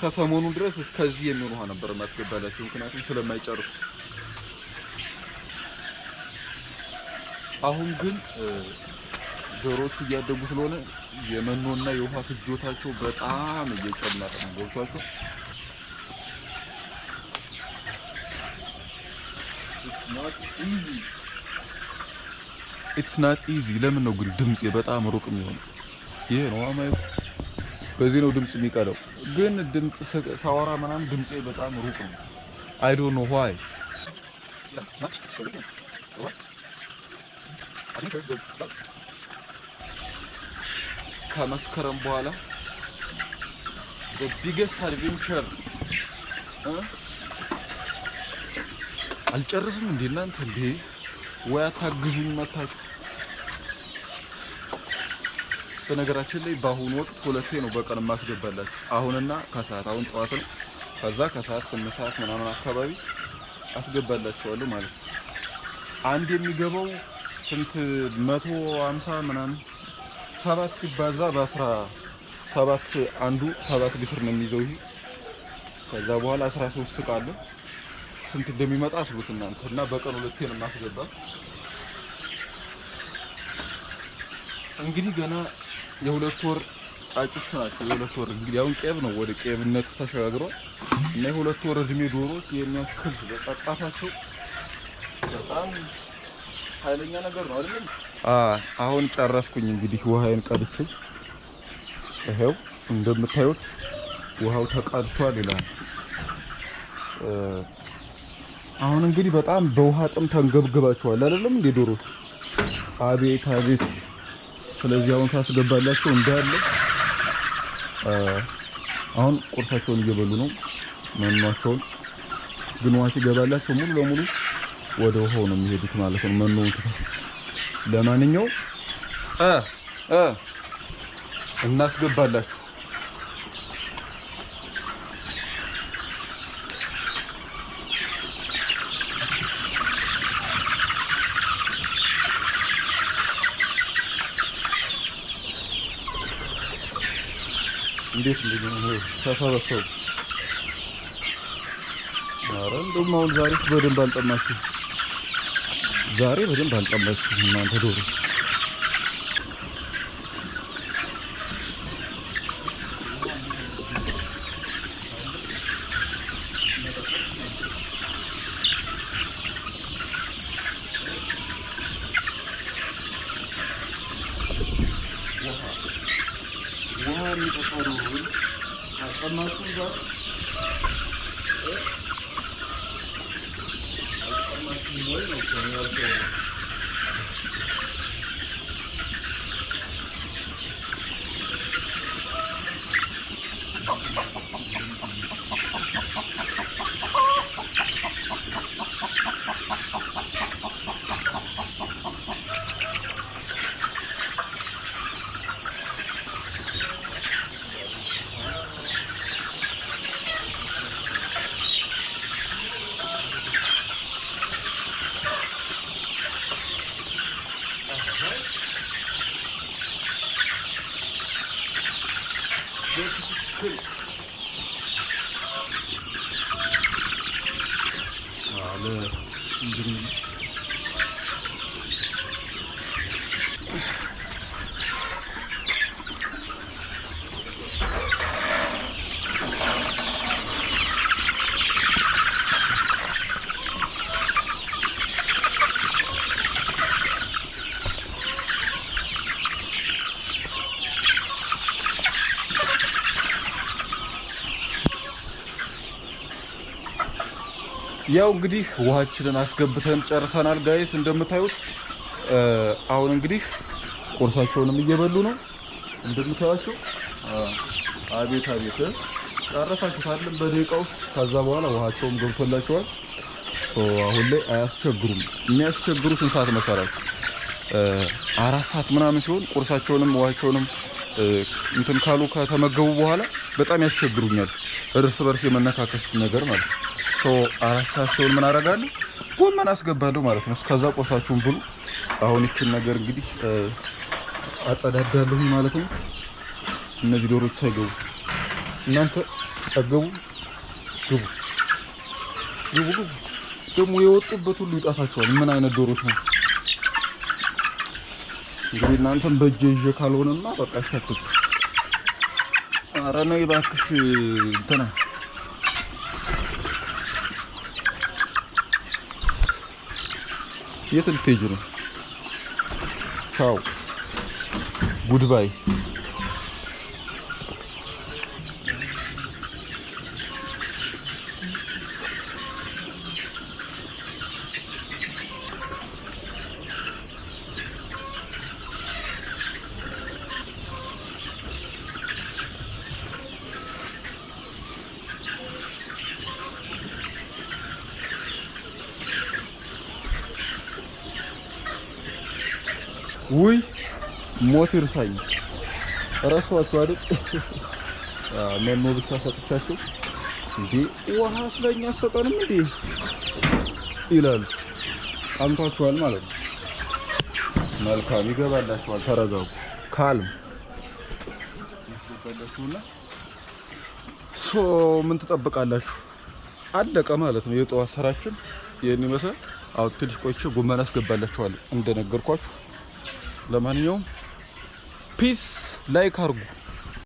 ከሰሞኑ ድረስ እስከዚህ የሚሆን ውሃ ነበር የሚያስገባላቸው፣ ምክንያቱም ስለማይጨርሱት። አሁን ግን ዶሮቹ እያደጉ ስለሆነ የመኖና የውሃ ፍጆታቸው በጣም እየጨመረ ነው። ገብቷቸው ኢትስ ናት ኢዚ። ለምን ነው ግን ድምፅ በጣም ሩቅ የሚሆነው? ይሄ ነው አማይ። በዚህ ነው ድምፅ የሚቀረው። ግን ድምጽ ሳወራ ምናምን ድምጽ በጣም ሩቅ ነው። አይ ዶንት ኖ ዋይ ከመስከረም በኋላ ቢገስት አድቬንቸር አልጨርስም እንዴ እናንተ እንዴ ወይ አታግዙኝ መታችሁ በነገራችን ላይ በአሁኑ ወቅት ሁለቴ ነው በቀን የማስገባላችሁ። አሁንና ከሰዓት አሁን ጠዋት ነው። ከዛ ከሰዓት ስምንት ሰዓት ምናምን አካባቢ አስገባላችኋለሁ ማለት ነው። አንድ የሚገባው ስንት መቶ ሀምሳ ምናምን ሰባት ሲባዛ በአስራ ሰባት አንዱ ሰባት ሊትር ነው የሚይዘው ይሄ። ከዛ በኋላ 13 እቃ አለ። ስንት እንደሚመጣ አስቡት እናንተ እና በቀን ሁለቴ ነው የማስገባት እንግዲህ ገና የሁለት ወር ጫጩት ናቸው። የሁለት ወር እንግዲህ አሁን ቄብ ነው፣ ወደ ቄብነት ተሸጋግሯል እና የሁለት ወር እድሜ ዶሮዎች የሚያክል በጣጣታቸው በጣም ኃይለኛ ነገር ነው አይደል? አሁን ጨረስኩኝ። እንግዲህ ውሃዬን ቀድቼ ይሄው እንደምታዩት ውሃው ተቀድቷል ይላል። አሁን እንግዲህ በጣም በውሃ ጥም ተንገብግባቸዋል አይደለም እንዴ ዶሮች? አቤት አቤት ስለዚህ አሁን ሳስገባላቸው እንዳለ አሁን ቁርሳቸውን እየበሉ ነው። መኗቸውን ግን ውሃ ሲገባላቸው ሙሉ ለሙሉ ወደ ውሃው ነው የሚሄዱት ማለት ነው። መኖውን ትተው ለማንኛውም እናስገባላችሁ እንዴት ተሰበሰቡ? ኧረ እንደውም አሁን ዛሬ በደንብ አልጠማችሁ። ዛሬ በደንብ አልጠማችሁ እናንተ ዶሮ Ondan sonra Allah'ın boyu mu? Obrigado. ያው እንግዲህ ውሃችንን አስገብተን ጨርሰናል ጋይስ። እንደምታዩት አሁን እንግዲህ ቁርሳቸውንም እየበሉ ነው እንደምታዩቸው። አቤት አቤት ጨረሳችሁታልን በደቂቃ ውስጥ። ከዛ በኋላ ውሃቸውም ገብቶላቸዋል። አሁን ላይ አያስቸግሩም። የሚያስቸግሩ ስንት ሰዓት መሰራችሁ? አራት ሰዓት ምናምን ሲሆን ቁርሳቸውንም ውሃቸውንም እንትን ካሉ ከተመገቡ በኋላ በጣም ያስቸግሩኛል። እርስ በርስ የመነካከስ ነገር ማለት ነው። አራት ሰዓት ሲሆን ምን አደርጋለሁ? ጎመን አስገባለሁ ማለት ነው። እስከዛ ቆሳችሁን ብሉ። አሁን ይችን ነገር እንግዲህ አጸዳዳለሁ ማለት ነው። እነዚህ ዶሮች ሳይገቡ እናንተ ጠገቡ፣ ግቡ፣ ግቡ፣ ግቡ። ደግሞ የወጡበት ሁሉ ይጠፋቸዋል። ምን አይነት ዶሮች ነው እንግዲህ እናንተም በእጄ ይዤ ካልሆነማ በቃ ሸትኩ። ኧረ ነው እባክሽ እንትና የት ልትሄጂ ነው? ቻው ጉድባይ ውይ ሞት ይርሳኝ። ረሷቸው አይደል? መኖ ብቻ ሰጥቻቸው እንዴ ውሃ ስለኛ አሰጠንም እንዴ ይላሉ። ቀምቷችኋል ማለት ነው። መልካም ይገባላችኋል። ተረጋጉ። ካልም ሶ ምን ትጠብቃላችሁ? አለቀ ማለት ነው። የጠዋት ስራችን ይህን ይመስላል። አሁን ትንሽ ቆይቼ ጎመን አስገባላችኋለሁ እንደነገርኳችሁ ለማንኛውም ፒስ ላይክ አርጉ